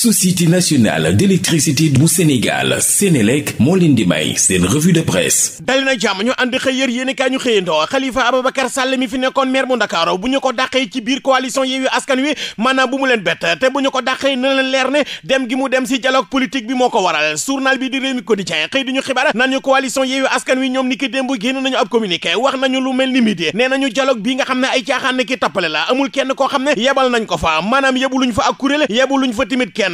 société nationale d'électricité bu Sénégal Sénélec moo leen di may seen revue de presse dali na jàmm ñu ànd xëy yër yéen kaay ñu xëyandoo Khalifa Ababacar Sall mi fi nekkoon maire bu bu ñu ko dàqee ci biir coalition Yewwi Askan Wi maanaam bu mu leen bett te bu ñu ko dàqee na leen leer ne dem gi mu dem si dialogue politique bi moo ko waral journal bi di Rewmi Quotidien xëy di ñu xibaar naan ñu coalition Askan Wi ñoom ni ki démb génn bi nga xam ne ay koo xam ne yebal nañ ko fa maanaam yebuluñ fa ak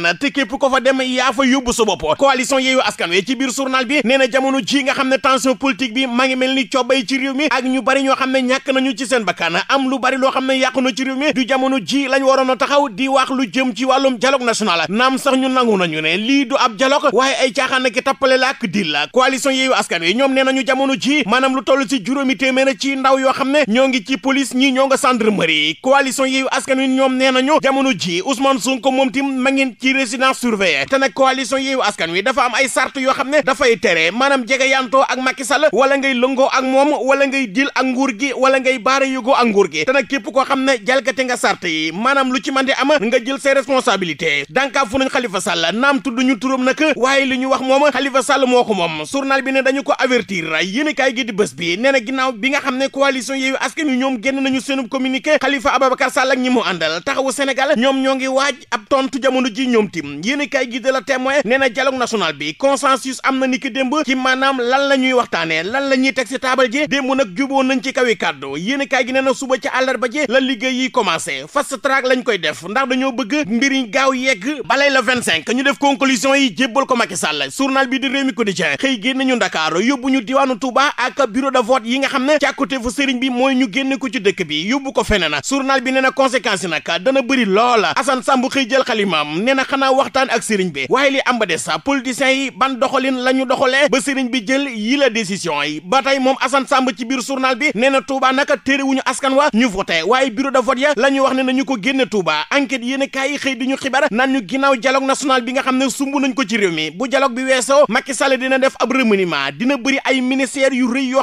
fen te képp ko fa dem yaa fa yóbbu sa bopp coalition Yewwi Askan Wi ci biir journal bi nee na jamono ji nga xam ne tension politique bi maa ni cobbay ci réew mi bari ñoo xam ne ñàkk nañu ci seen bakkaan am lu bari loo xam ne yàqu na ci réew ji lañ waroon a taxaw di wax lu jëm ci wàllum dialogue national naam sax ñu nangu nañu ne lii ab dialogue waaye ay caaxaan ak tappale la ak dil la coalition Yewwi Askan Wi ñoom nee nañu jamono ji maanaam lu toll ci juróomi téeméer ci ndaw yoo xam ne ñoo ngi ci police ñi ñoo nga gendarmerie coalition Yewwi Askan Wi ñoom nee nañu jamono ji Ousmane Sonko moom tim ma ngi ci résidence surveillée te nag coalition Yewwi Askan Wi dafa am ay sart yoo xam ne dafay tere maanaam jege yantoo ak Macky wala ngay lëngoo ak moom wala ngay dil ak nguur gi wala ngay baara yógoo ak nguur gi te képp koo xam ne jal jalgate nga sart yi maanaam lu ci mën di am nga jël ses responsabilités dankaa fu nañ Khalifa Sall naam tudd ñu turam nag waaye li ñu wax moom Khalifa Sall moo ko moom journal bi ne dañu ko avertir yéen kaay gi di bés bi nee na ginnaaw bi nga xam ne coalition Yewwi Askan Wi ñoom génn nañu seenub communiqué Khalifa Ababacar Sall ak ñi mu àndal taxawu Sénégal ñoom ñoo ngi tontu jamono ji ñoom tim yéen i kayi gi de la témoin nee na dialogue national bi consensus am na ni ki démb ci maanaam lan la ñuy waxtaanee lan la ñuy teg si taabal ji démb nag juboo nañ ci kawi kàddu yéen i gi nee na suba ci àllarba ji la liggéey yi commencé fast track lañ koy def ndax dañoo bëgg mbir yi gaaw yegg balay la 25 ñu def conclusion yi jébbal ko Macky Sall journal bi di Rewmi Quotidien xëy génn ñu Dakar yóbbu ñu diwaanu Touba ak bureau de vote yi nga xam ne càkkute fu sëriñ bi mooy ñu génn ko ci dëkk bi yóbbu ko feneen journal bi nee na conséquence yi dana bëri loola jël xanaa waxtaan ak sëriñ bi waaye li am des sa yi ban doxalin la ñu ba sëriñ bi jël yi la décision yi ba tey moom Assane Samb ci biir journal bi nee na naka téerewuñu askan wa ñu voté waaye bureau de vote ya la ñu wax ne nañu ko génne Touba enquête yéen xëy di ñu xibaar naan ginnaaw dialogue national bi nga xam ne sumb nañ ko ci réew mi bu dialogue bi weesoo Macky dina def ab remaniement dina bëri ay ministères yu rëy yoo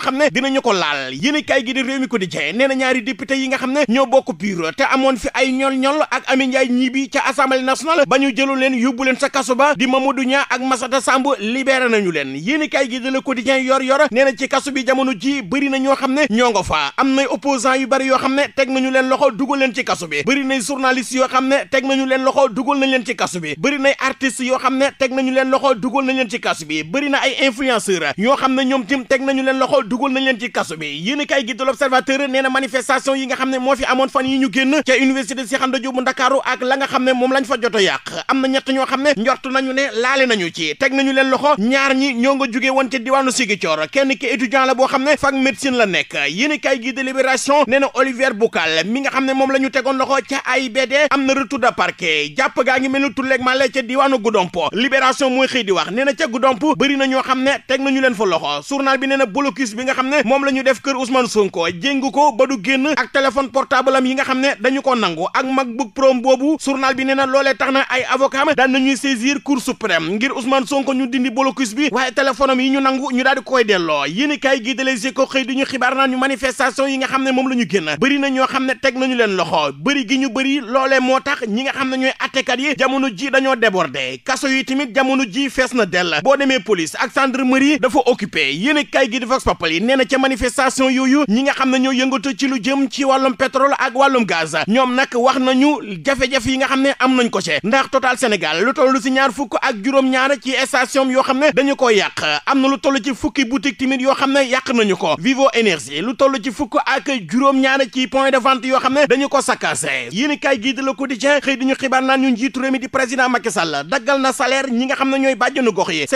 xam ma nationale ba ñu jëlu leen yóbbu leen sa kaso ba di Mamadou Niang ak Massata Samb libéré nañu leen yéen kay gi de Le Quotidien yor yor nee na ci kaso bi jamono ji bëri na ñoo xam ne ñoo nga faa am na opposant yu bëri yoo xam ne teg nañu leen loxo dugal leen ci kaso bi bëri nay journaliste yoo xam ne teg nañu leen loxo dugal nañ leen ci kaso bi bëri nay artistes yoo xam ne teg nañu leen loxo dugal nañ leen ci kaso bi bëri na ay influenceur ñoo xam ne ñoom tim teg nañu leen loxo dugal nañ leen ci kaso bi yéen kay gi de L'Observateur nee manifestation yi nga xam ne moo fi amoon fan yi ñu génn ca université Cheikh Anta ak la nga xam ne moom lañ fa jot a yàq am na ñett ñoo xam ne njort nañu ne laale nañu ci teg nañu leen loxo ñaar ñi ñoo nga jóge woon ca diwaanu Ziguinchor kenn ki étudiant la boo xam ne fac médecine la nekk yéen kay gi de libération nee na Olivier Boucal mi nga xam ne moom la ñu tegoon loxo ca AIBD am na retour de parquet jàpp gaa ngi mel ni tulleeg male ca diwaanu Goudompo libération mooy xëy di wax nee na ca Goudomp bëri na ñoo xam ne teg nañu leen fa loxo journal bi nee na blocus bi nga xam ne moom la ñu def kër Ousmane Sonko jéngu ko ba du génn ak téléphone portable am yi nga xam ne dañu ko nangu ak MacBook Pro boobu journal bi nee na nag loolee tax na ay avocat ma daan nañuy saisir cour suprême ngir Ousmane Sonko ñu dindi blocus bi waaye téléphone yi ñu nangu ñu daal di koy delloo yéen kaay gi de Les Échos xëy di ñu xibaar naan ñu manifestation yi nga xam ne moom la ñu génn bëri na ñoo xam ne teg nañu leen loxo bëri gi ñu bëri loolee moo tax ñi nga xam ne ñooy attekat yi jamono ji dañoo débordé kaso yi tamit jamono ji fees na dell boo demee police ak gendarmerie dafa occupé y a kaay gi di Vox Populi nee na ca manifestation yooyu ñi nga xam ne ñoo yëngatu ci lu jëm ci wàllum pétrole ak wàllum gaz ñoom nag wax nañu jafe yi nga xam ne am am nañ ko ci ndax total Sénégal lu toll si ñaar fukk ak juróom-ñaar ci station yoo xam ne dañu ko yàq am na lu toll ci fukki boutique tamit yoo xam ne yàq nañu ko Vivo Énergie lu toll ci fukk ak juróom-ñaar ci point de vente yoo xam ne dañu ko saccagé yéen i kaay gii di Le xëy di xibaar naan ñu njiitu réew di président Macky Sall daggal na salaire ñi nga xam ne ñooy bàjjenu gox yi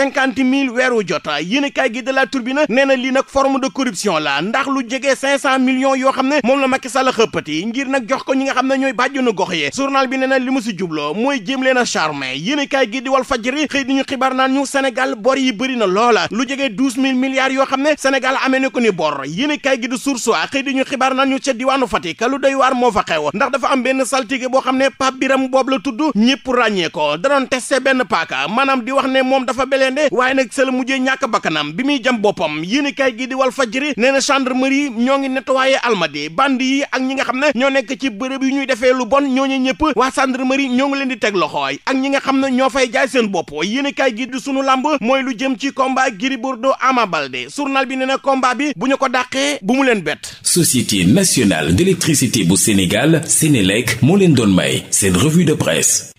weeru jot yéen i kaay La Tribune nee na lii nag forme de corruption jubloo mooy jéem leen a charmer yéenekaay gi di Walf Fadjri xëy di ñu xibaar naan ñu Sénégal bor yi bëri na loola lu jege douze mille milliards yoo xam ne Sénégal amee na ko ni bor yéenekaay gi di Source A xëy di ñu xibaar naan ñu ca diwaanu Fatick lu doy waar moo fa xew ndax dafa am benn saltige boo xam ne Pape Biram boob la tudd ñëpp ràññee ko da doon testé benn paaka maanaam di wax ne moom dafa beleende waaye nag sel mujjee ñàkk bakkanam bi muy jam boppam yéenekaay gi di Walf Fadjri nee na gendarmerie ñoo ngi nettoyé Almadies bandi yi ak ñi nga xam ne ñoo nekk ci bërëb yu ñuy defee lu bon ñooñu ñëpp waa gendarmerie yi ñoo ngi leen di teg loxooy ak ñi nga xam ne ñoo fay jaay seen bopp yéene kaay gi di sunu làmb mooy lu jëm ci combat Gris Bordeaux Ama Baldé surnal bi nee na combat bi bu ñu ko dàqee bu mu leen bett. Société nationale d'électricité bu Sénégal Sénélec moo leen doon may seen revue de presse.